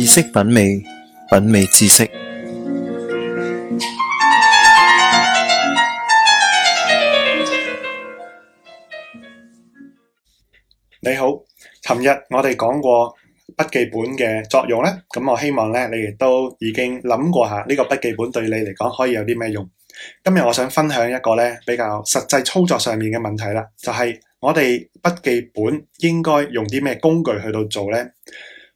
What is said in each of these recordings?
知識品味，品味知識。你好，尋日我哋講過筆記本嘅作用呢，咁我希望呢，你亦都已經諗過下呢個筆記本對你嚟講可以有啲咩用。今日我想分享一個呢，比較實際操作上面嘅問題啦，就係我哋筆記本應該用啲咩工具去到做呢？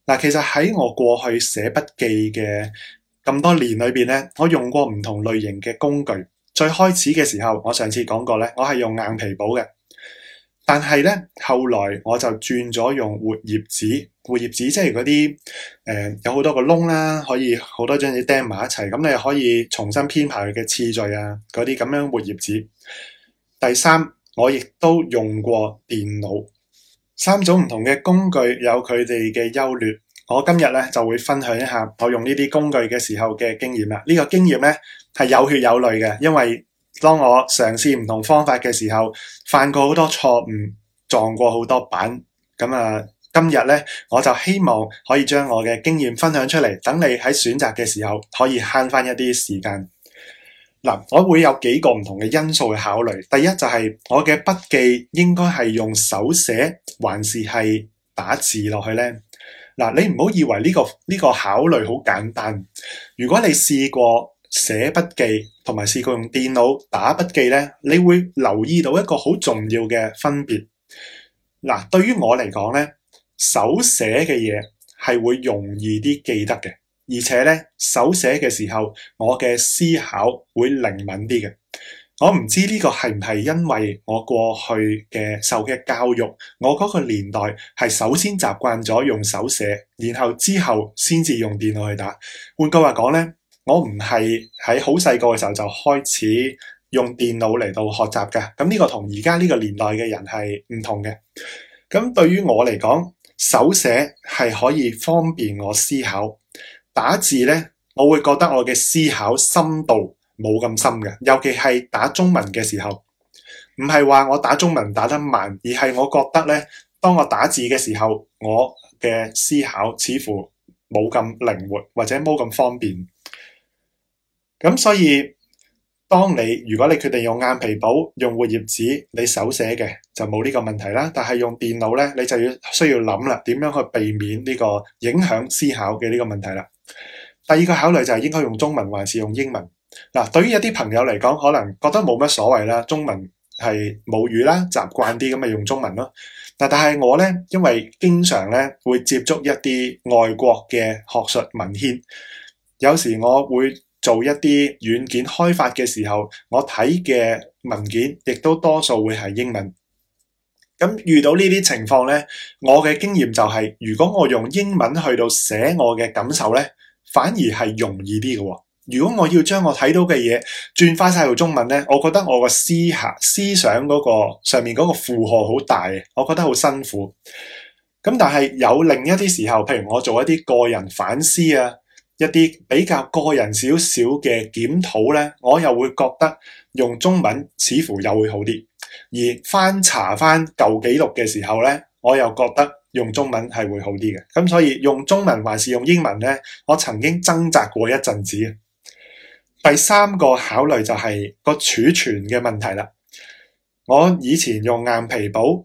嗱，其實喺我過去寫筆記嘅咁多年裏邊咧，我用過唔同類型嘅工具。最開始嘅時候，我上次講過咧，我係用硬皮簿嘅。但係咧，後來我就轉咗用活頁紙。活頁紙即係嗰啲誒，有好多個窿啦，可以好多張嘢釘埋一齊，咁你可以重新編排佢嘅次序啊，嗰啲咁樣活頁紙。第三，我亦都用過電腦。三種唔同嘅工具有佢哋嘅優劣，我今日咧就會分享一下我用呢啲工具嘅時候嘅經驗啦。呢個經驗咧係有血有淚嘅，因為當我嘗試唔同方法嘅時候，犯過好多錯誤，撞過好多板。咁啊，今日咧我就希望可以將我嘅經驗分享出嚟，等你喺選擇嘅時候可以慳翻一啲時間。嗱，我會有幾個唔同嘅因素去考慮。第一就係我嘅筆記應該係用手寫，還是係打字落去呢？嗱，你唔好以為呢個呢個考慮好簡單。如果你試過寫筆記，同埋試過用電腦打筆記呢，你會留意到一個好重要嘅分別。嗱，對於我嚟講呢，手寫嘅嘢係會容易啲記得嘅。而且咧，手寫嘅時候，我嘅思考會靈敏啲嘅。我唔知呢個係唔係因為我過去嘅受嘅教育，我嗰個年代係首先習慣咗用手寫，然後之後先至用電腦去打。換句話講咧，我唔係喺好細個嘅時候就開始用電腦嚟到學習㗎。咁呢個同而家呢個年代嘅人係唔同嘅。咁對於我嚟講，手寫係可以方便我思考。打字呢，我會覺得我嘅思考深度冇咁深嘅，尤其係打中文嘅時候，唔係話我打中文打得慢，而係我覺得呢，當我打字嘅時候，我嘅思考似乎冇咁靈活，或者冇咁方便，咁所以。當你如果你決定用硬皮簿用活頁紙，你手寫嘅就冇呢個問題啦。但係用電腦咧，你就要需要諗啦，點樣去避免呢個影響思考嘅呢個問題啦。第二個考慮就係應該用中文還是用英文嗱。對於一啲朋友嚟講，可能覺得冇乜所謂啦，中文係母語啦，習慣啲咁咪用中文咯。嗱，但係我咧，因為經常咧會接觸一啲外國嘅學術文獻，有時我會做一啲軟件開發嘅時候，我睇嘅文件亦都多數會係英文。咁遇到呢啲情況咧，我嘅經驗就係、是，如果我用英文去到寫我嘅感受咧，反而係容易啲嘅。如果我要將我睇到嘅嘢轉返晒到中文咧，我覺得我個思考、思想嗰、那個上面嗰個負荷好大，我覺得好辛苦。咁但係有另一啲時候，譬如我做一啲個人反思啊。一啲比較個人少少嘅檢討咧，我又會覺得用中文似乎又會好啲。而翻查返舊記錄嘅時候咧，我又覺得用中文係會好啲嘅。咁所以用中文還是用英文咧，我曾經掙扎過一陣子。第三個考慮就係個儲存嘅問題啦。我以前用硬皮簿。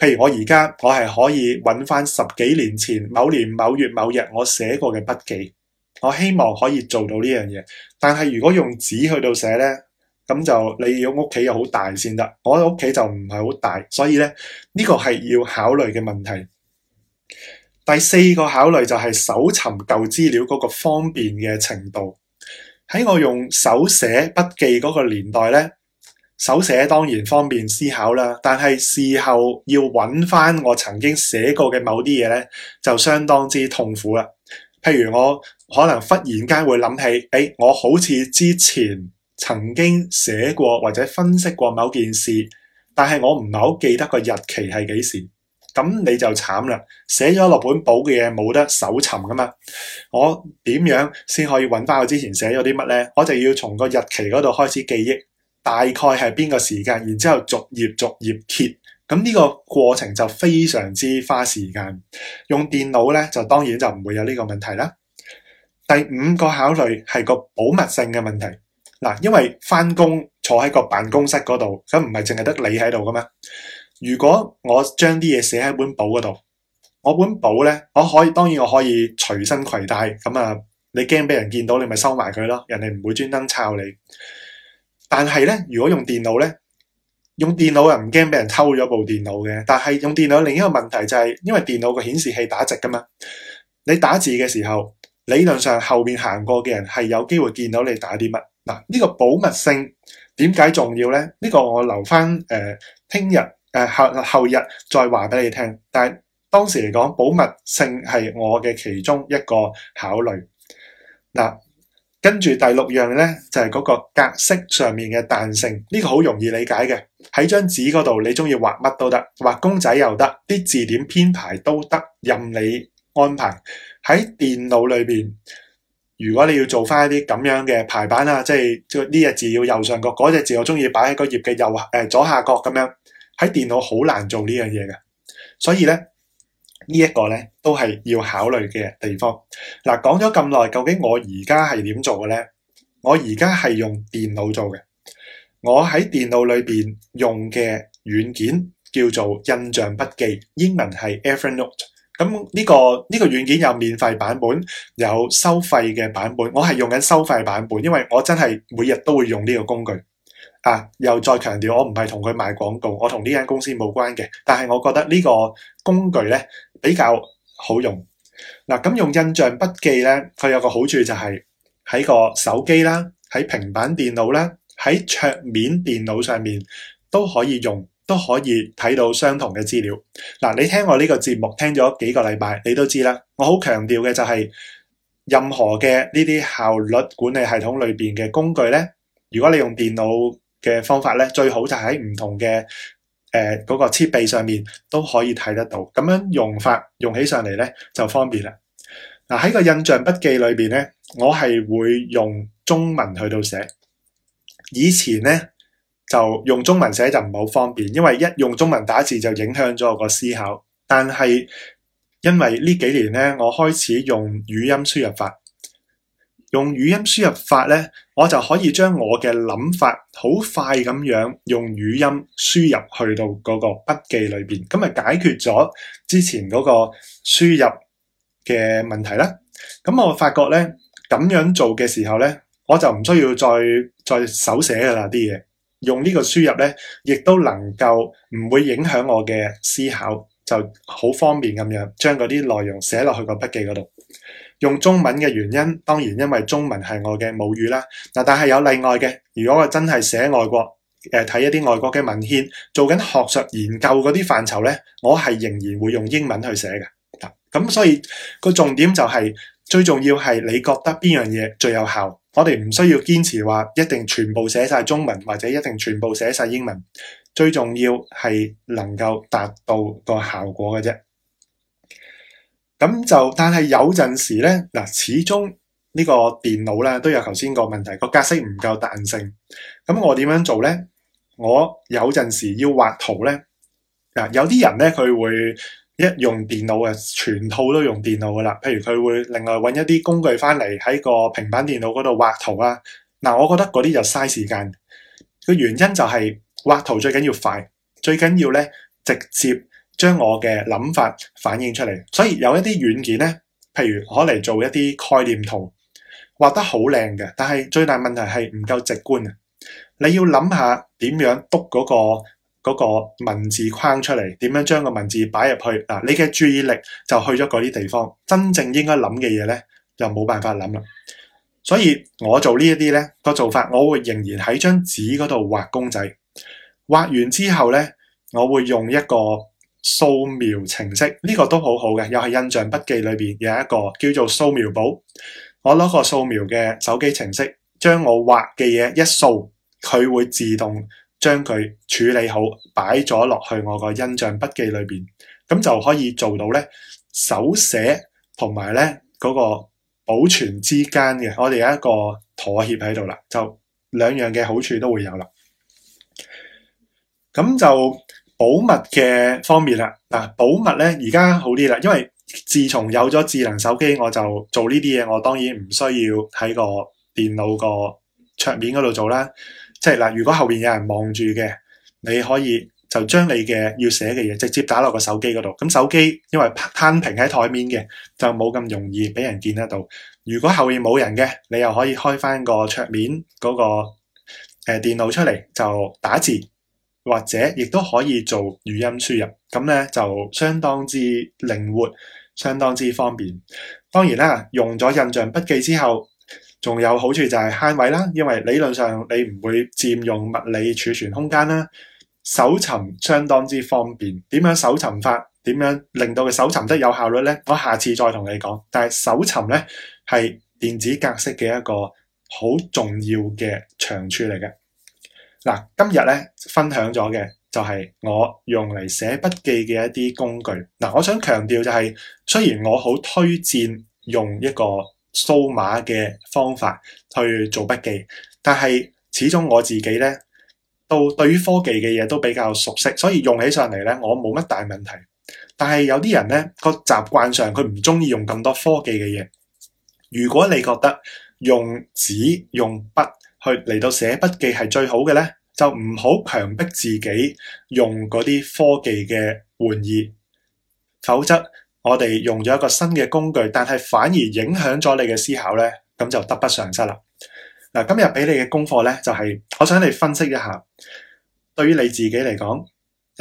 譬如我而家我係可以揾翻十幾年前某年某月某日我寫過嘅筆記，我希望可以做到呢樣嘢。但係如果用紙去到寫呢，咁就你要屋企又好大先得，我屋企就唔係好大，所以呢，呢個係要考慮嘅問題。第四個考慮就係搜尋舊資料嗰個方便嘅程度。喺我用手寫筆記嗰個年代呢。手寫當然方便思考啦，但係事後要揾翻我曾經寫過嘅某啲嘢，呢就相當之痛苦啦。譬如我可能忽然間會諗起，誒，我好似之前曾經寫過或者分析過某件事，但係我唔係好記得個日期係幾時，咁、嗯、你就慘啦。寫咗落本簿嘅嘢，冇得搜尋噶嘛，我點樣先可以揾翻我之前寫咗啲乜呢？我就要從個日期嗰度開始記憶。大概係邊個時間，然之後逐頁逐頁揭，咁呢個過程就非常之花時間。用電腦咧，就當然就唔會有呢個問題啦。第五個考慮係個保密性嘅問題嗱，因為翻工坐喺個辦公室嗰度，咁唔係淨係得你喺度噶嘛。如果我將啲嘢寫喺本簿嗰度，我本簿咧，我可以，當然我可以隨身攜帶，咁啊，你驚俾人見到，你咪收埋佢咯，人哋唔會專登抄你。但係咧，如果用電腦咧，用電腦又唔驚俾人偷咗部電腦嘅。但係用電腦另一個問題就係，因為電腦個顯示器打直噶嘛，你打字嘅時候，理論上後邊行過嘅人係有機會見到你打啲乜。嗱，呢個保密性點解重要咧？呢個我留翻誒，聽日誒後後日再話俾你聽。但係當時嚟講，保密性係我嘅其中一個考慮。嗱。跟住第六樣咧，就係嗰個格式上面嘅彈性，呢個好容易理解嘅。喺張紙嗰度，你中意畫乜都得，畫公仔又得，啲字點編排都得，任你安排。喺電腦裏邊，如果你要做返一啲咁樣嘅排版啊，即係呢隻字要右上角，嗰隻字我中意擺喺個頁嘅右誒左下角咁樣，喺電腦好難做呢樣嘢嘅。所以咧。呢一個咧都係要考慮嘅地方。嗱，講咗咁耐，究竟我而家係點做嘅咧？我而家係用電腦做嘅。我喺電腦裏邊用嘅軟件叫做印象筆記，英文係 Evernote。咁呢個呢個軟件有免費版本，有收費嘅版本。我係用緊收費版本，因為我真係每日都會用呢個工具。啊！又再強調，我唔係同佢賣廣告，我同呢間公司冇關嘅。但係我覺得呢個工具咧比較好用。嗱，咁用印象筆記咧，佢有個好處就係喺個手機啦，喺平板電腦啦，喺桌面電腦上面都可以用，都可以睇到相同嘅資料。嗱，你聽我呢個節目聽咗幾個禮拜，你都知啦。我好強調嘅就係任何嘅呢啲效率管理系統裏邊嘅工具咧，如果你用電腦。嘅方法咧，最好就喺唔同嘅誒、呃嗰個設備上面都可以睇得到，咁樣用法用起上嚟咧，就方便啦。嗱、啊、喺個印象筆記裏邊咧，我係會用中文去到寫。以前咧就用中文寫就唔好方便，因為一用中文打字就影響咗我個思考。但係因為呢幾年咧，我開始用語音輸入法。用語音輸入法咧，我就可以將我嘅諗法好快咁樣用語音輸入去到嗰個筆記裏邊，咁咪解決咗之前嗰個輸入嘅問題啦。咁我發覺咧，咁樣做嘅時候咧，我就唔需要再再手寫噶啦啲嘢，用呢個輸入咧，亦都能夠唔會影響我嘅思考，就好方便咁樣將嗰啲內容寫落去個筆記嗰度。用中文嘅原因，當然因為中文係我嘅母語啦。嗱，但係有例外嘅。如果我真係寫外國，誒、呃、睇一啲外國嘅文獻，做緊學術研究嗰啲範疇咧，我係仍然會用英文去寫嘅。嗱、嗯，咁所以、個重點就係、是，最重要係你覺得邊樣嘢最有效。我哋唔需要堅持話一定全部寫晒中文，或者一定全部寫晒英文。最重要係能夠達到個效果嘅啫。咁就，但係有陣時咧，嗱，始終呢個電腦咧都有頭先個問題，個格式唔夠彈性。咁我點樣做咧？我有陣時要畫圖咧，嗱，有啲人咧佢會一用電腦啊，全套都用電腦噶啦。譬如佢會另外搵一啲工具翻嚟喺個平板電腦嗰度畫圖啊。嗱，我覺得嗰啲就嘥時間。個原因就係畫圖最緊要快，最緊要咧直接，將我嘅諗法反映出嚟，所以有一啲軟件咧，譬如可嚟做一啲概念圖，畫得好靚嘅。但係最大問題係唔夠直觀啊！你要諗下點樣篤嗰個嗰個文字框出嚟，點樣將個文字擺入去嗱？你嘅注意力就去咗嗰啲地方，真正應該諗嘅嘢咧，就冇辦法諗啦。所以我做呢一啲咧個做法，我會仍然喺張紙嗰度畫公仔，畫完之後咧，我會用一個。掃描程式呢個都好好嘅，又係印象筆記裏邊有一個叫做掃描簿。我攞個掃描嘅手機程式，將我畫嘅嘢一掃，佢會自動將佢處理好，擺咗落去我個印象筆記裏邊，咁就可以做到咧手寫同埋咧嗰個保存之間嘅，我哋有一個妥協喺度啦，就兩樣嘅好處都會有啦，咁就。保密嘅方面啦，嗱，保密咧而家好啲啦，因為自從有咗智能手機，我就做呢啲嘢，我當然唔需要喺個電腦個桌面嗰度做啦。即係嗱，如果後邊有人望住嘅，你可以就將你嘅要寫嘅嘢直接打落個手機嗰度。咁手機因為攤平喺台面嘅，就冇咁容易俾人見得到。如果後面冇人嘅，你又可以開翻個桌面嗰、個誒、呃、電腦出嚟就打字。或者亦都可以做語音輸入，咁咧就相當之靈活，相當之方便。當然啦，用咗印象筆記之後，仲有好處就係慳位啦，因為理論上你唔會佔用物理儲存空間啦。搜尋相當之方便，點樣搜尋法？點樣令到佢搜尋得有效率呢？我下次再同你講。但係搜尋呢，係電子格式嘅一個好重要嘅長處嚟嘅。嗱，今日咧分享咗嘅就係我用嚟寫筆記嘅一啲工具。嗱，我想強調就係、是，雖然我好推薦用一個數碼嘅方法去做筆記，但係始終我自己咧，到對於科技嘅嘢，都比較熟悉，所以用起上嚟咧，我冇乜大問題。但係有啲人咧，個習慣上佢唔中意用咁多科技嘅嘢。如果你覺得用紙用筆，去嚟到寫筆記係最好嘅呢，就唔好強迫自己用嗰啲科技嘅玩意，否則我哋用咗一個新嘅工具，但係反而影響咗你嘅思考呢，咁就得不償失啦。嗱，今日俾你嘅功課呢，就係我想你分析一下，對於你自己嚟講，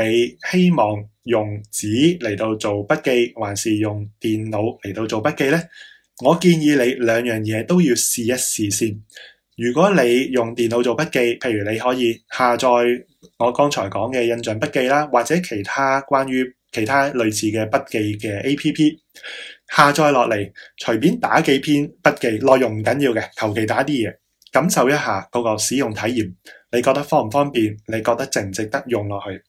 你希望用紙嚟到做筆記，還是用電腦嚟到做筆記呢？我建議你兩樣嘢都要試一試先。如果你用電腦做筆記，譬如你可以下載我剛才講嘅印象筆記啦，或者其他關於其他類似嘅筆記嘅 app 下載落嚟，隨便打幾篇筆記，內容唔緊要嘅，求其打啲嘢，感受一下嗰個使用體驗。你覺得方唔方便？你覺得值唔值得用落去？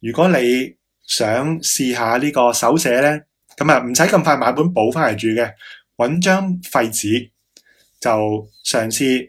如果你想試下呢個手寫咧，咁啊唔使咁快買本簿返嚟住嘅，搵張廢紙就嘗試。